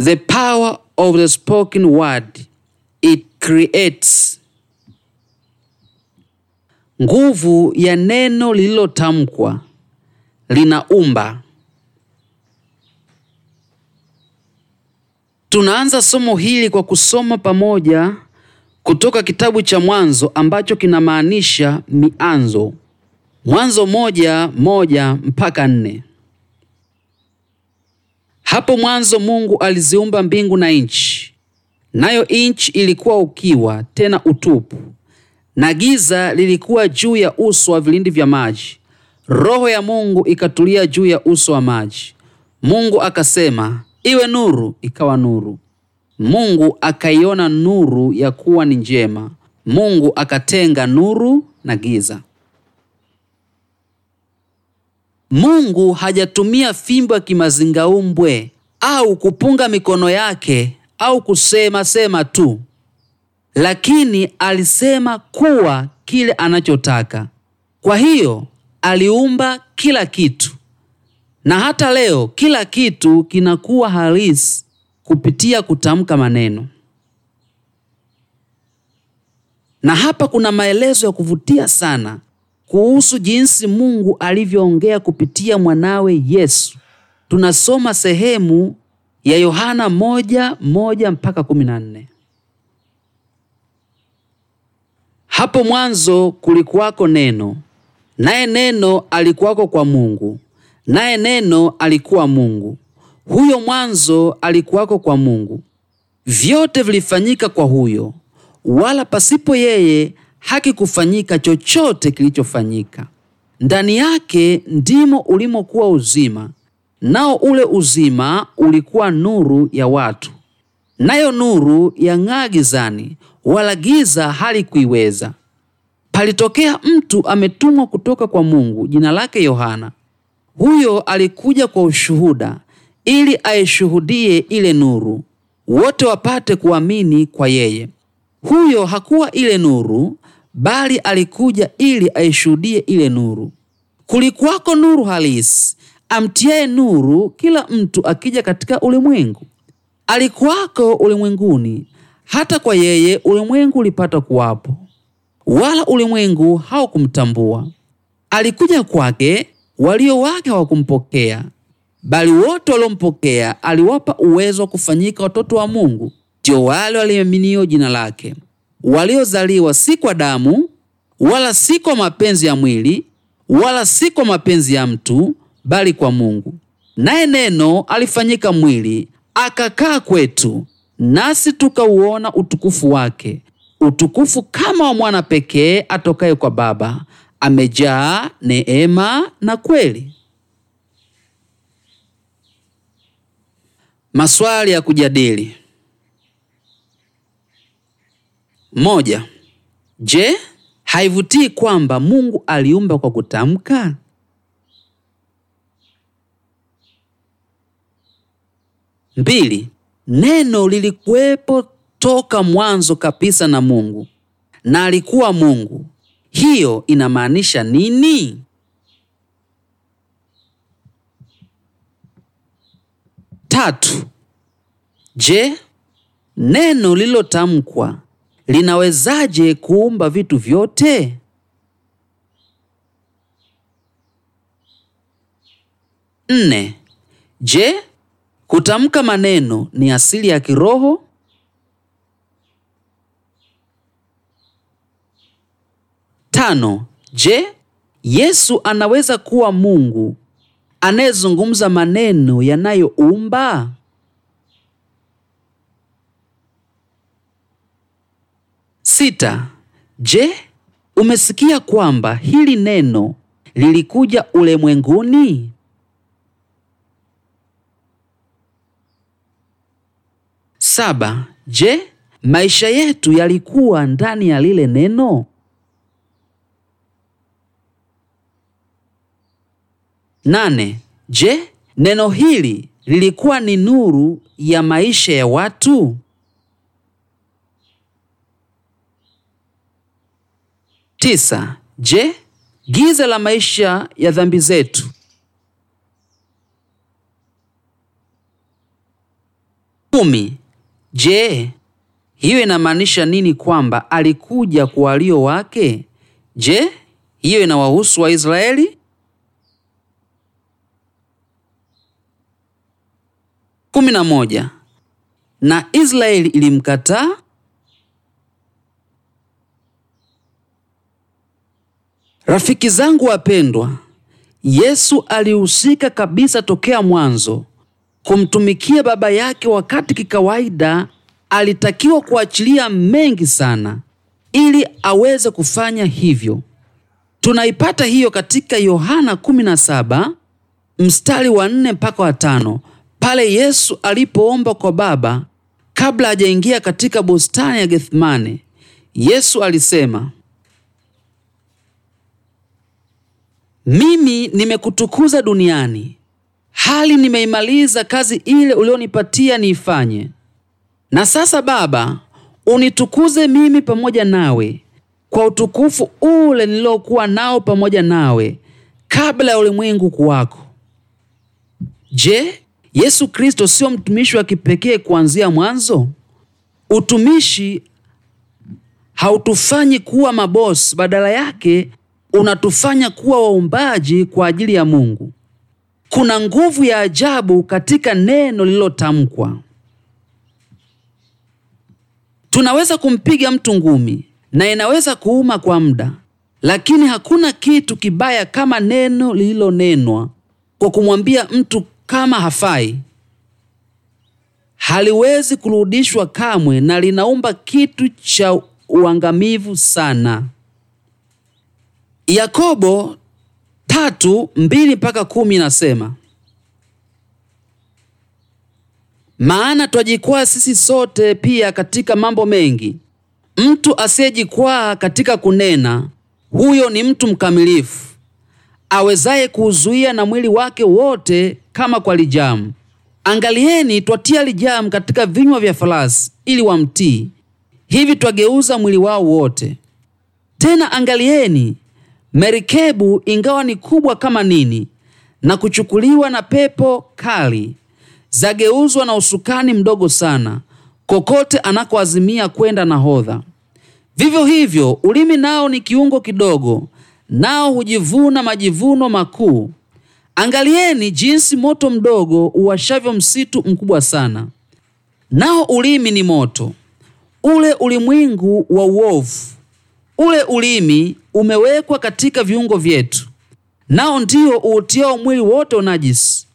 The power of the spoken word, it creates. Nguvu ya neno lililotamkwa linaumba. Tunaanza somo hili kwa kusoma pamoja kutoka kitabu cha Mwanzo ambacho kinamaanisha mianzo, Mwanzo moja moja mpaka nne. Hapo mwanzo Mungu aliziumba mbingu na nchi, nayo nchi ilikuwa ukiwa tena utupu, na giza lilikuwa juu ya uso wa vilindi vya maji. Roho ya Mungu ikatulia juu ya uso wa maji. Mungu akasema, iwe nuru, ikawa nuru. Mungu akaiona nuru ya kuwa ni njema. Mungu akatenga nuru na giza. Mungu hajatumia fimbo ya kimazingaumbwe au kupunga mikono yake au kusema sema tu, lakini alisema kuwa kile anachotaka. Kwa hiyo aliumba kila kitu, na hata leo kila kitu kinakuwa halisi kupitia kutamka maneno. Na hapa kuna maelezo ya kuvutia sana kuhusu jinsi Mungu alivyoongea kupitia mwanawe Yesu. Tunasoma sehemu ya Yohana moja moja mpaka kumi na nne. Hapo mwanzo kulikuwako neno, naye neno alikuwako kwa Mungu, naye neno alikuwa Mungu. Huyo mwanzo alikuwako kwa Mungu. Vyote vilifanyika kwa huyo, wala pasipo yeye hakikufanyika chochote kilichofanyika. Ndani yake ndimo ulimokuwa uzima, nao ule uzima ulikuwa nuru ya watu, nayo nuru yang'aa gizani, wala giza halikuiweza. Palitokea mtu ametumwa kutoka kwa Mungu, jina lake Yohana. Huyo alikuja kwa ushuhuda, ili aishuhudie ile nuru, wote wapate kuamini kwa yeye. Huyo hakuwa ile nuru, bali alikuja ili aishuhudie ile nuru. Kulikuwako nuru halisi, amtiaye nuru kila mtu akija katika ulimwengu. Alikuwako ulimwenguni, hata kwa yeye ulimwengu ulipata kuwapo, wala ulimwengu haukumtambua. Alikuja kwake, walio wake hawakumpokea, bali wote waliompokea aliwapa uwezo wa kufanyika watoto wa Mungu, ndio wale waliaminio jina lake waliozaliwa si kwa damu wala si kwa mapenzi ya mwili wala si kwa mapenzi ya mtu, bali kwa Mungu. Naye neno alifanyika mwili akakaa kwetu, nasi tukauona utukufu wake, utukufu kama wa mwana pekee atokaye kwa Baba, amejaa neema na kweli. Maswali ya kujadili. Moja, je, haivutii kwamba Mungu aliumba kwa kutamka? Mbili, neno lilikuwepo toka mwanzo kabisa na Mungu na alikuwa Mungu. Hiyo inamaanisha nini? Tatu, je, neno lililotamkwa linawezaje kuumba vitu vyote? Nne. Je, kutamka maneno ni asili ya kiroho? Tano. Je, Yesu anaweza kuwa Mungu anayezungumza maneno yanayoumba? Sita. Je, umesikia kwamba hili neno lilikuja ulimwenguni? Saba. Je, maisha yetu yalikuwa ndani ya lile neno? Nane. Je, neno hili lilikuwa ni nuru ya maisha ya watu? tisa. Je, giza la maisha ya dhambi zetu kumi. Je, hiyo inamaanisha nini? Kwamba alikuja kwa walio wake? Je, hiyo inawahusu Waisraeli? kumi na moja. Na Israeli ilimkataa Rafiki zangu wapendwa, Yesu alihusika kabisa tokea mwanzo kumtumikia Baba yake, wakati kikawaida alitakiwa kuachilia mengi sana ili aweze kufanya hivyo. Tunaipata hiyo katika Yohana 17 mstari wa 4 mpaka wa tano, pale Yesu alipoomba kwa Baba kabla hajaingia katika bustani ya Gethsemane. Yesu alisema Mimi nimekutukuza duniani, hali nimeimaliza kazi ile ulionipatia niifanye. Na sasa Baba, unitukuze mimi pamoja nawe kwa utukufu ule nilokuwa nao pamoja nawe kabla ya ulimwengu kuwako. Je, Yesu Kristo sio mtumishi wa kipekee kuanzia mwanzo? Utumishi hautufanyi kuwa mabosi, badala yake unatufanya kuwa waumbaji kwa ajili ya Mungu. Kuna nguvu ya ajabu katika neno lililotamkwa. Tunaweza kumpiga mtu ngumi na inaweza kuuma kwa muda, lakini hakuna kitu kibaya kama neno lililonenwa kwa kumwambia mtu kama hafai. Haliwezi kurudishwa kamwe na linaumba kitu cha uangamivu sana. Yakobo tatu mbili mpaka kumi inasema maana twajikwaa sisi sote pia katika mambo mengi. Mtu asiyejikwaa katika kunena, huyo ni mtu mkamilifu, awezaye kuuzuia na mwili wake wote kama kwa lijamu. Angalieni, twatia lijamu katika vinywa vya farasi ili wamtii, hivi twageuza mwili wao wote. Tena angalieni, Merikebu ingawa ni kubwa kama nini na kuchukuliwa na pepo kali, zageuzwa na usukani mdogo sana kokote anakoazimia kwenda nahodha. Vivyo hivyo ulimi nao ni kiungo kidogo, nao hujivuna majivuno makuu. Angalieni jinsi moto mdogo uwashavyo msitu mkubwa sana. Nao ulimi ni moto, ule ulimwengu wa uovu Ule ulimi umewekwa katika viungo vyetu, nao ndio uutiao mwili wote unajisi,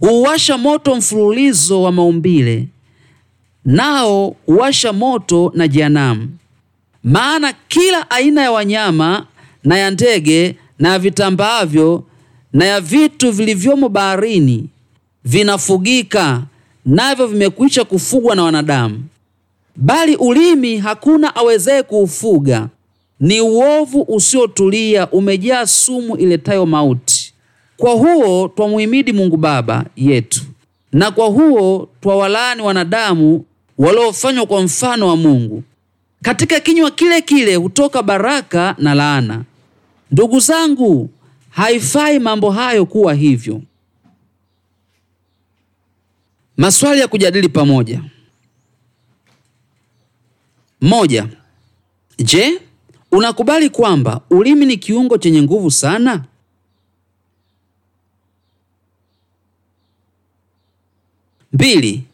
huuwasha moto mfululizo wa maumbile, nao huwasha moto na jehanamu. Maana kila aina ya wanyama na ya ndege na ya vitambaavyo na ya vitu vilivyomo baharini vinafugika, navyo vimekwisha kufugwa na wanadamu, bali ulimi hakuna awezaye kuufuga, ni uovu usiotulia, umejaa sumu iletayo mauti. Kwa huo twamuhimidi Mungu Baba yetu, na kwa huo twawalaani wanadamu waliofanywa kwa mfano wa Mungu. Katika kinywa kile kile hutoka baraka na laana. Ndugu zangu, haifai mambo hayo kuwa hivyo. Maswali ya kujadili pamoja: moja. Je, Unakubali kwamba ulimi ni kiungo chenye nguvu sana? Mbili.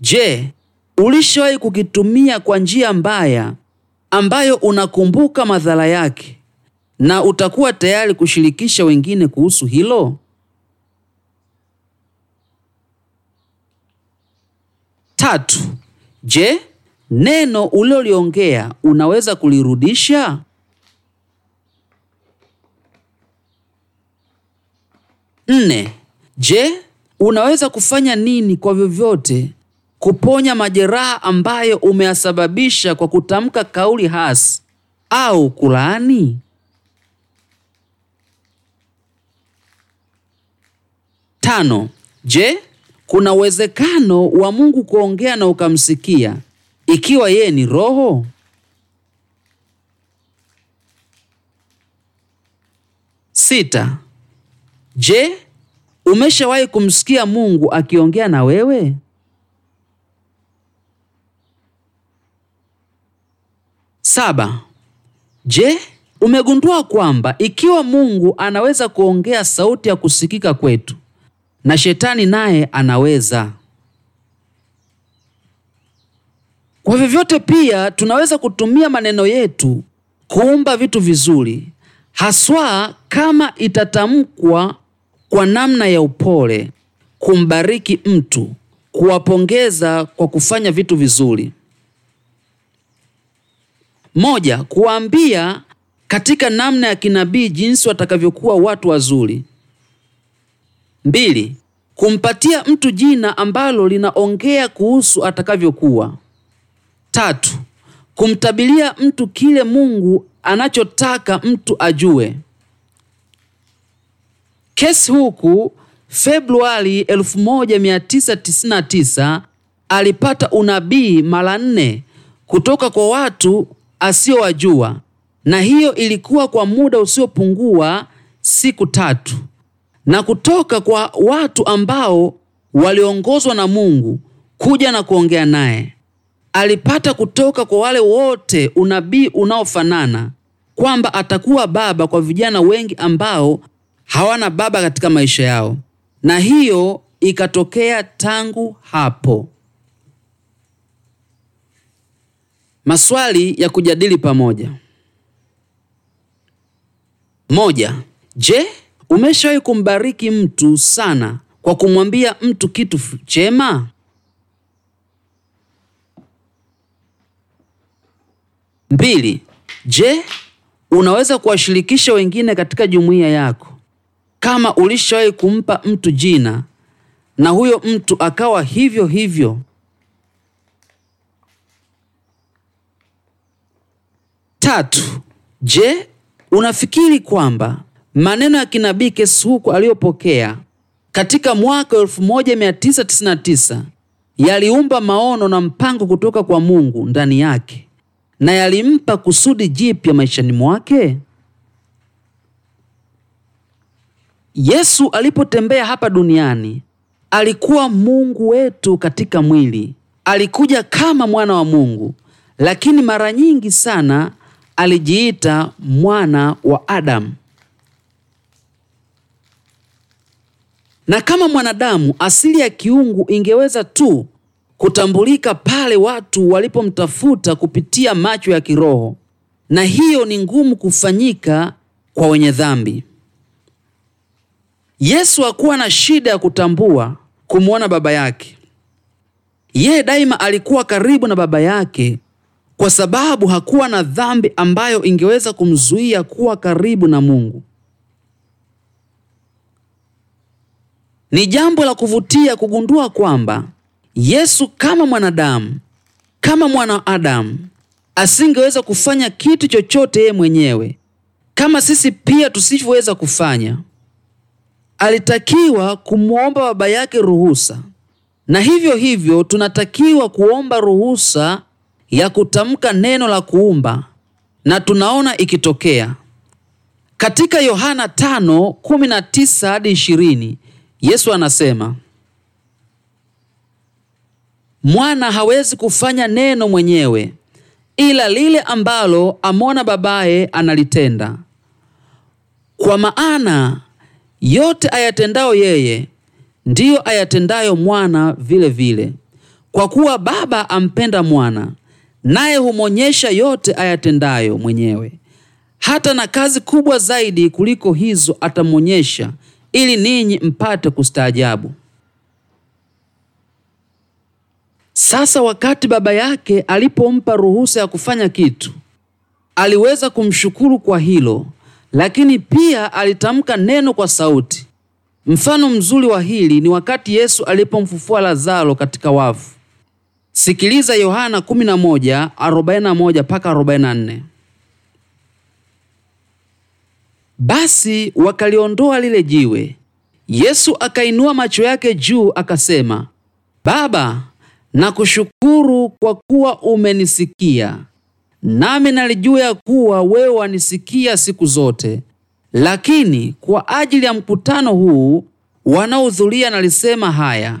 Je, ulishawahi kukitumia kwa njia mbaya ambayo unakumbuka madhara yake na utakuwa tayari kushirikisha wengine kuhusu hilo? Tatu. Je, neno uliloliongea unaweza kulirudisha? Nne. Je, unaweza kufanya nini kwa vyovyote kuponya majeraha ambayo umeyasababisha kwa kutamka kauli hasi au kulaani? Tano. Je, kuna uwezekano wa Mungu kuongea na ukamsikia ikiwa yeye ni roho? Sita. Je, umeshawahi kumsikia Mungu akiongea na wewe? Saba. Je, umegundua kwamba ikiwa Mungu anaweza kuongea sauti ya kusikika kwetu na shetani naye anaweza. Kwa vyovyote pia tunaweza kutumia maneno yetu kuumba vitu vizuri, haswa kama itatamkwa kwa namna ya upole, kumbariki mtu, kuwapongeza kwa kufanya vitu vizuri. Moja, kuambia katika namna ya kinabii jinsi watakavyokuwa watu wazuri. Mbili, kumpatia mtu jina ambalo linaongea kuhusu atakavyokuwa. Tatu, kumtabilia mtu kile Mungu anachotaka mtu ajue. Kesi huku Februari 1999 alipata unabii mara nne kutoka kwa watu asiyowajua, na hiyo ilikuwa kwa muda usiopungua siku tatu, na kutoka kwa watu ambao waliongozwa na Mungu kuja na kuongea naye alipata kutoka kwa wale wote unabii unaofanana kwamba atakuwa baba kwa vijana wengi ambao hawana baba katika maisha yao, na hiyo ikatokea tangu hapo. Maswali ya kujadili pamoja. Moja. Je, umeshawahi kumbariki mtu sana kwa kumwambia mtu kitu chema? Mbili, je, unaweza kuwashirikisha wengine katika jumuiya yako? Kama ulishawahi kumpa mtu jina na huyo mtu akawa hivyo hivyo Tatu, je, unafikiri kwamba maneno ya kinabii Kesuku aliyopokea katika mwaka 1999 yaliumba maono na mpango kutoka kwa Mungu ndani yake na yalimpa kusudi jipya maishani mwake. Yesu alipotembea hapa duniani alikuwa Mungu wetu katika mwili. Alikuja kama mwana wa Mungu, lakini mara nyingi sana alijiita mwana wa Adamu. Na kama mwanadamu, asili ya kiungu ingeweza tu kutambulika pale watu walipomtafuta kupitia macho ya kiroho, na hiyo ni ngumu kufanyika kwa wenye dhambi. Yesu hakuwa na shida ya kutambua kumwona Baba yake. Yeye daima alikuwa karibu na Baba yake kwa sababu hakuwa na dhambi ambayo ingeweza kumzuia kuwa karibu na Mungu. Ni jambo la kuvutia kugundua kwamba Yesu kama mwanadamu, kama mwanaadamu asingeweza kufanya kitu chochote yeye mwenyewe, kama sisi pia tusivyoweza kufanya. Alitakiwa kumwomba baba yake ruhusa, na hivyo hivyo tunatakiwa kuomba ruhusa ya kutamka neno la kuumba, na tunaona ikitokea katika Yohana 5:19 hadi 20. Yesu anasema Mwana hawezi kufanya neno mwenyewe, ila lile ambalo amona babaye analitenda. Kwa maana yote ayatendayo yeye ndiyo ayatendayo mwana vile vile, kwa kuwa Baba ampenda mwana, naye humwonyesha yote ayatendayo mwenyewe. Hata na kazi kubwa zaidi kuliko hizo atamwonyesha, ili ninyi mpate kustaajabu. Sasa wakati baba yake alipompa ruhusa ya kufanya kitu, aliweza kumshukuru kwa hilo, lakini pia alitamka neno kwa sauti. Mfano mzuri wa hili ni wakati Yesu alipomfufua Lazaro katika wafu. Sikiliza Yohana 11:41 mpaka 44. Basi wakaliondoa lile jiwe. Yesu akainua macho yake juu akasema, Baba, na kushukuru kwa kuwa umenisikia. Nami nalijua ya kuwa wewe wanisikia siku zote, lakini kwa ajili ya mkutano huu wanaohudhuria nalisema haya,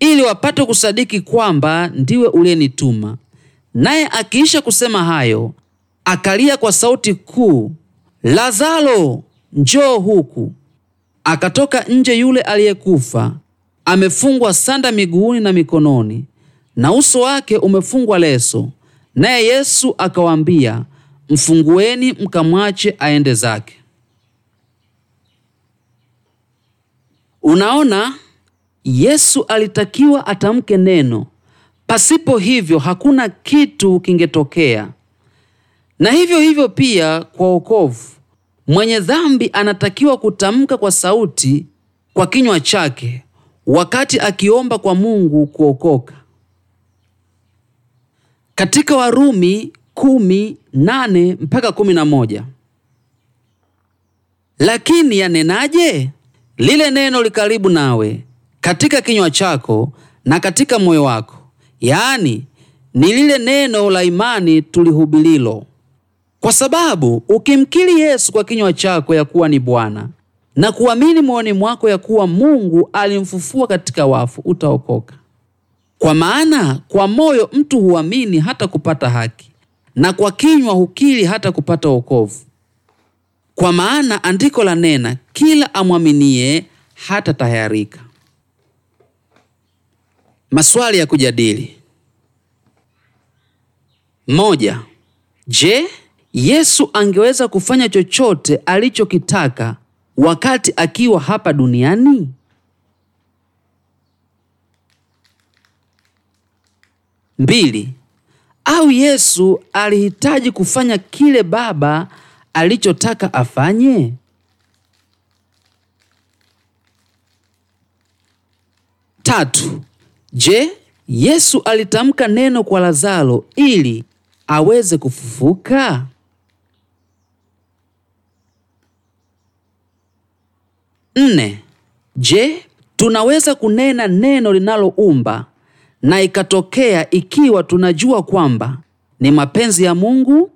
ili wapate kusadiki kwamba ndiwe uliyenituma. Naye akiisha kusema hayo, akalia kwa sauti kuu, Lazaro, njoo huku! Akatoka nje yule aliyekufa, amefungwa sanda miguuni na mikononi, na uso wake umefungwa leso. Naye Yesu akawaambia, mfungueni mkamwache aende zake. Unaona, Yesu alitakiwa atamke neno, pasipo hivyo hakuna kitu kingetokea. Na hivyo hivyo pia kwa wokovu, mwenye dhambi anatakiwa kutamka kwa sauti kwa kinywa chake wakati akiomba kwa Mungu kuokoka. Katika Warumi kumi nane mpaka kumi na moja lakini yanenaje? Lile neno likaribu nawe katika kinywa chako na katika moyo wako, yaani ni lile neno la imani tulihubililo. Kwa sababu ukimkiri Yesu kwa kinywa chako ya kuwa ni Bwana na kuamini moyoni mwako ya kuwa Mungu alimfufua katika wafu, utaokoka. Kwa maana kwa moyo mtu huamini hata kupata haki, na kwa kinywa hukiri hata kupata wokovu. Kwa maana andiko la nena, kila amwaminie hata tayarika. Maswali ya kujadili: moja. Je, Yesu angeweza kufanya chochote alichokitaka wakati akiwa hapa duniani? Mbili, au Yesu alihitaji kufanya kile Baba alichotaka afanye? Tatu, je, Yesu alitamka neno kwa Lazaro ili aweze kufufuka? Nne, je, tunaweza kunena neno linaloumba na ikatokea ikiwa tunajua kwamba ni mapenzi ya Mungu?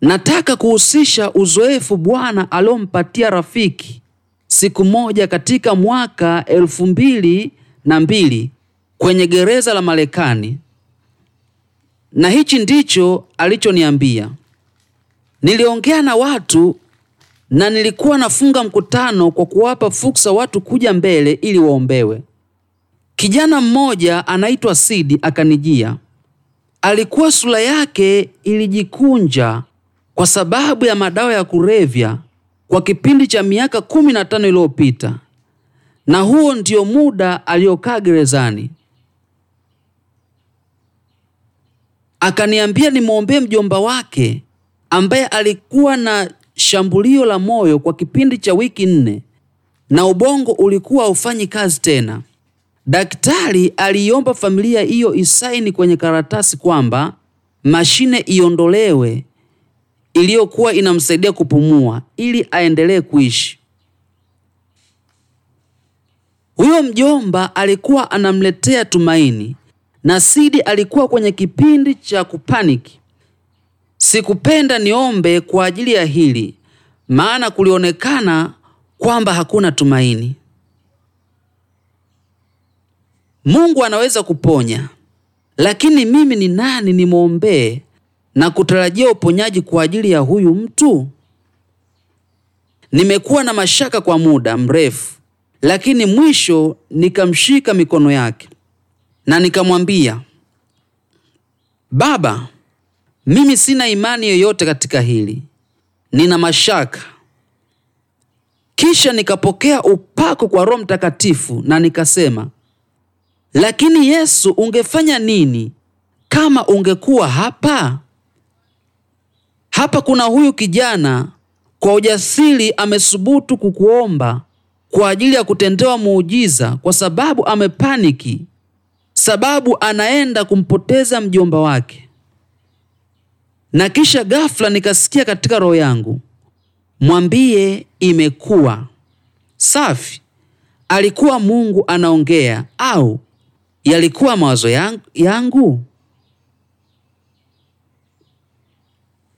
Nataka kuhusisha uzoefu Bwana aliompatia rafiki siku moja katika mwaka elfu mbili na mbili kwenye gereza la Marekani, na hichi ndicho alichoniambia. Niliongea na watu na nilikuwa nafunga mkutano kwa kuwapa fursa watu kuja mbele ili waombewe. Kijana mmoja anaitwa Sidi akanijia. Alikuwa sura yake ilijikunja kwa sababu ya madawa ya kulevya kwa kipindi cha miaka kumi na tano iliyopita, na huo ndio muda aliyokaa gerezani. Akaniambia nimwombee mjomba wake ambaye alikuwa na shambulio la moyo kwa kipindi cha wiki nne na ubongo ulikuwa haufanyi kazi tena. Daktari aliomba familia hiyo isaini kwenye karatasi kwamba mashine iondolewe iliyokuwa inamsaidia kupumua ili aendelee kuishi. Huyo mjomba alikuwa anamletea tumaini na Sidi alikuwa kwenye kipindi cha kupaniki. Sikupenda niombe kwa ajili ya hili, maana kulionekana kwamba hakuna tumaini. Mungu anaweza kuponya, lakini mimi ni nani nimwombee na kutarajia uponyaji kwa ajili ya huyu mtu? Nimekuwa na mashaka kwa muda mrefu, lakini mwisho nikamshika mikono yake na nikamwambia, Baba, mimi sina imani yoyote katika hili, nina mashaka. Kisha nikapokea upako kwa Roho Mtakatifu na nikasema, lakini Yesu, ungefanya nini kama ungekuwa hapa? Hapa kuna huyu kijana kwa ujasiri amesubutu kukuomba kwa ajili ya kutendewa muujiza, kwa sababu amepaniki, sababu anaenda kumpoteza mjomba wake. Na kisha ghafla nikasikia katika roho yangu, mwambie imekuwa safi. Alikuwa Mungu anaongea au yalikuwa mawazo yangu?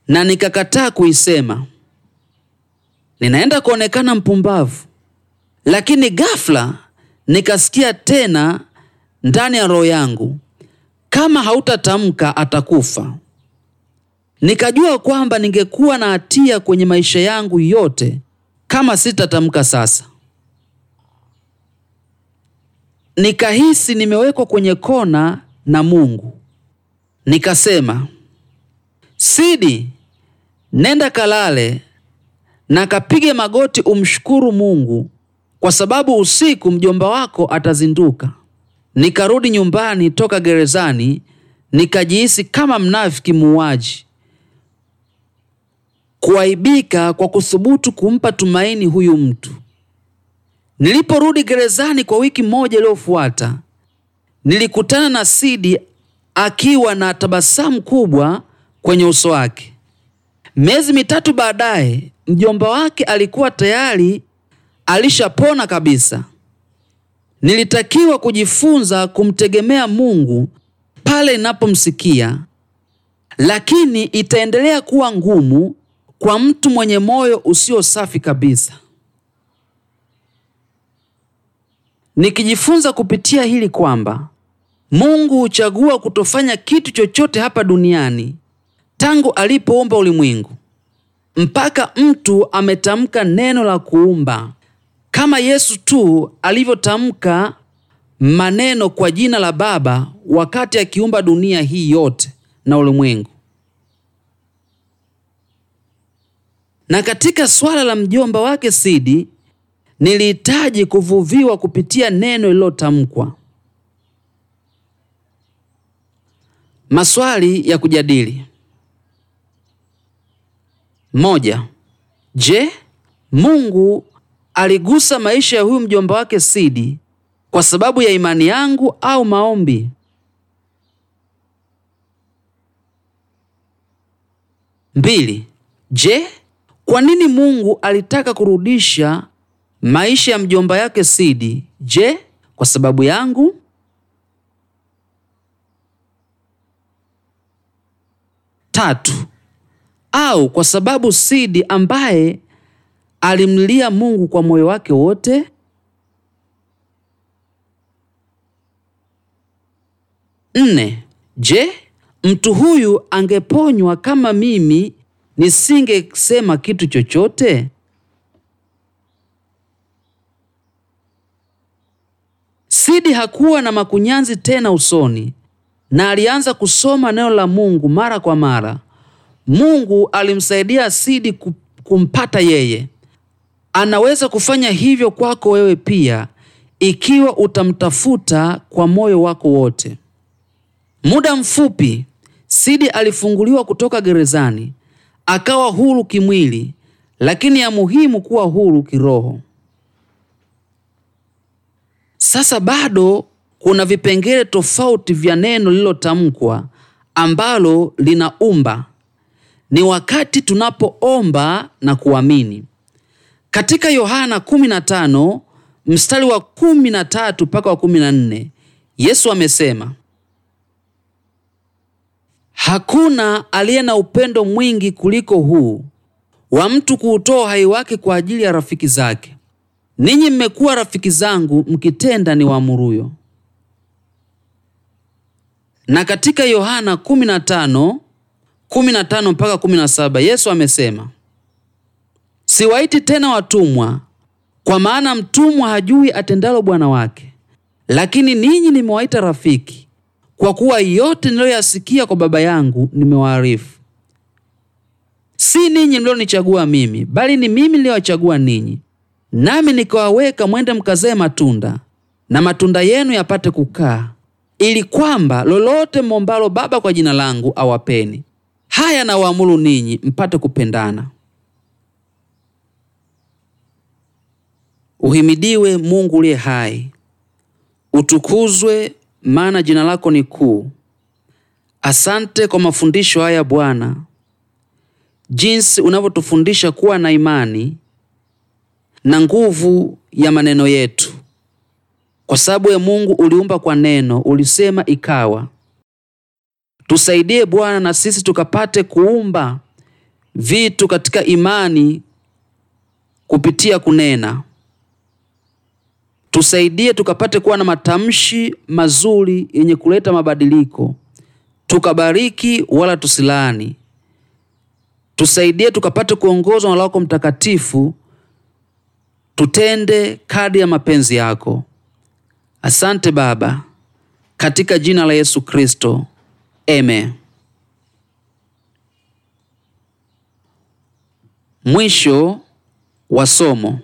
Na nikakataa kuisema. Ninaenda kuonekana mpumbavu, lakini ghafla nikasikia tena ndani ya roho yangu, kama hautatamka atakufa. Nikajua kwamba ningekuwa na hatia kwenye maisha yangu yote kama sitatamka sasa. Nikahisi nimewekwa kwenye kona na Mungu. Nikasema, Sidi, nenda kalale na kapige magoti umshukuru Mungu kwa sababu usiku mjomba wako atazinduka. Nikarudi nyumbani toka gerezani, nikajihisi kama mnafiki muuaji kuaibika kwa kuthubutu kumpa tumaini huyu mtu. Niliporudi gerezani kwa wiki moja iliyofuata, nilikutana na Sidi akiwa na tabasamu kubwa kwenye uso wake. Miezi mitatu baadaye, mjomba wake alikuwa tayari alishapona kabisa. Nilitakiwa kujifunza kumtegemea Mungu pale inapomsikia, lakini itaendelea kuwa ngumu kwa mtu mwenye moyo usio safi kabisa. Nikijifunza kupitia hili kwamba Mungu huchagua kutofanya kitu chochote hapa duniani tangu alipoumba ulimwengu mpaka mtu ametamka neno la kuumba, kama Yesu tu alivyotamka maneno kwa jina la Baba wakati akiumba dunia hii yote na ulimwengu. Na katika swala la mjomba wake Sidi, nilihitaji kuvuviwa kupitia neno lililotamkwa. Maswali ya kujadili: moja. Je, Mungu aligusa maisha ya huyu mjomba wake Sidi kwa sababu ya imani yangu au maombi? Mbili. Je, kwa nini Mungu alitaka kurudisha maisha ya mjomba yake Sidi? Je, kwa sababu yangu? Tatu, au kwa sababu Sidi ambaye alimlia Mungu kwa moyo wake wote? Nne, je, mtu huyu angeponywa kama mimi nisingesema kitu chochote? Sidi hakuwa na makunyanzi tena usoni na alianza kusoma neno la Mungu mara kwa mara. Mungu alimsaidia Sidi kumpata yeye. Anaweza kufanya hivyo kwako wewe pia ikiwa utamtafuta kwa moyo wako wote. Muda mfupi Sidi alifunguliwa kutoka gerezani akawa huru kimwili, lakini ya muhimu kuwa huru kiroho. Sasa bado kuna vipengele tofauti vya neno lililotamkwa ambalo linaumba ni wakati tunapoomba na kuamini. Katika Yohana 15 mstari wa 13 mpaka wa 14, Yesu amesema, Hakuna aliye na upendo mwingi kuliko huu wa mtu kuutoa uhai wake kwa ajili ya rafiki zake. Ninyi mmekuwa rafiki zangu mkitenda ni wamuruyo Na katika Yohana 15 mpaka 17 Yesu amesema, siwaiti tena watumwa, kwa maana mtumwa hajui atendalo bwana wake, lakini ninyi nimewaita rafiki kwa kuwa yote niliyoyasikia kwa Baba yangu nimewaarifu. Si ninyi mlionichagua mimi, bali ni mimi niliyowachagua ninyi, nami nikawaweka, mwende mkazee matunda, na matunda yenu yapate kukaa, ili kwamba lolote mmombalo Baba kwa jina langu awapeni. Haya nawaamuru ninyi, mpate kupendana. Uhimidiwe Mungu uliye hai, utukuzwe maana jina lako ni kuu. Asante kwa mafundisho haya Bwana, jinsi unavyotufundisha kuwa na imani na nguvu ya maneno yetu. Kwa sababu ya Mungu uliumba kwa neno, ulisema ikawa. Tusaidie Bwana na sisi tukapate kuumba vitu katika imani kupitia kunena. Tusaidie tukapate kuwa na matamshi mazuri yenye kuleta mabadiliko, tukabariki wala tusilaani. Tusaidie tukapate kuongozwa na Roho Mtakatifu, tutende kadri ya mapenzi yako. Asante Baba, katika jina la Yesu Kristo, amen. Mwisho wa somo.